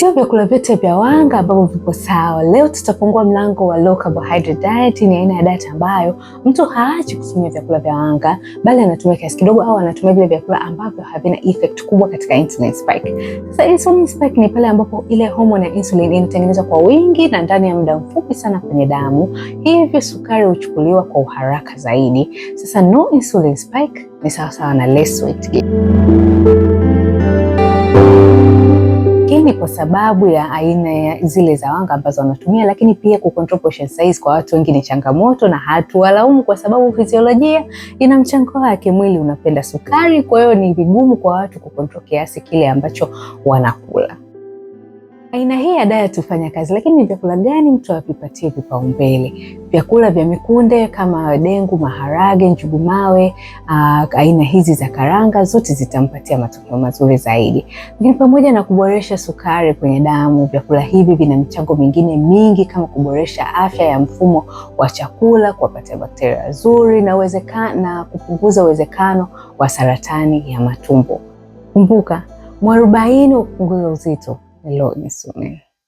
Sio vyakula vyote vya wanga mm. ambavyo vipo sawa. Leo tutafungua mlango wa low carbohydrate diet. Ni aina ya diet ambayo mtu haachi kutumia vyakula vya wanga, bali anatumia kiasi kidogo, au anatumia vile vyakula ambavyo havina effect kubwa katika insulin spike. Sasa insulin spike ni pale ambapo ile homoni ya insulin inatengenezwa kwa wingi na ndani ya muda mfupi sana kwenye damu, hivyo sukari huchukuliwa kwa uharaka zaidi. Sasa no insulin spike ni sawasawa na less weight gain kwa sababu ya aina ya zile za wanga ambazo wanatumia, lakini pia kucontrol portion size kwa watu wengi ni changamoto, na hatuwalaumu kwa sababu fiziolojia ina mchango wake. Mwili unapenda sukari, kwa hiyo ni vigumu kwa watu kucontrol kiasi kile ambacho wanakula aina hii ya diet hufanya kazi, lakini ni vyakula gani mtu avipatie vipaumbele? Vyakula vya mikunde kama dengu, maharage, njugu mawe, aina hizi za karanga zote zitampatia matokeo mazuri zaidi, lakini pamoja na kuboresha sukari kwenye damu. Vyakula hivi vina michango mingine mingi kama kuboresha afya ya mfumo wa chakula, kuwapatia bakteria wazuri na na kupunguza uwezekano wa saratani ya matumbo. Kumbuka mwarobaini wa uzito Lord nisamehe.